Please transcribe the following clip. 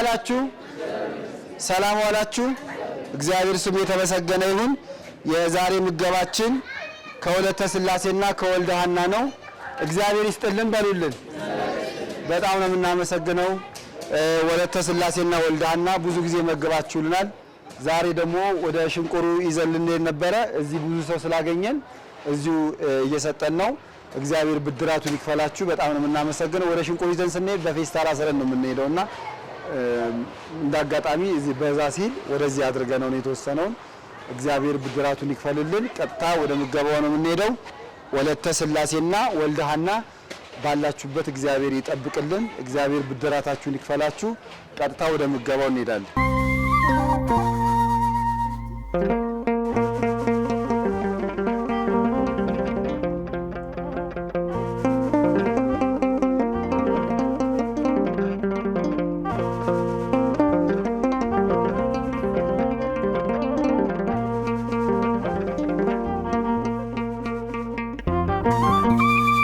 ዋላችሁ፣ ሰላም ዋላችሁ። እግዚአብሔር ስሙ የተመሰገነ ይሁን። የዛሬ ምገባችን ከወለተ ስላሴና ከወልደ ሐና ነው። እግዚአብሔር ይስጥልን በሉልን። በጣም ነው የምናመሰግነው። ወለተ ስላሴና ወልደ ሐና ብዙ ጊዜ መገባችሁልናል። ዛሬ ደግሞ ወደ ሽንቁሩ ይዘን ልንሄድ ነበረ። እዚህ ብዙ ሰው ስላገኘን እዚሁ እየሰጠን ነው። እግዚአብሔር ብድራቱን ይክፈላችሁ። በጣም ነው የምናመሰግነው። ወደ ሽንቁሩ ይዘን ስንሄድ በፌስታል አስረን ነው የምንሄደውና እንዳጋጣሚ እዚህ በዛ ሲል ወደዚህ አድርገ ነው የተወሰነውን። እግዚአብሔር ብድራቱን ይክፈልልን። ቀጥታ ወደ ምገባው ነው የምንሄደው። ወለተ ስላሴና ወልደ ሐና ባላችሁበት እግዚአብሔር ይጠብቅልን። እግዚአብሔር ብድራታችሁን ይክፈላችሁ። ቀጥታ ወደ ምገባው እንሄዳለን። Música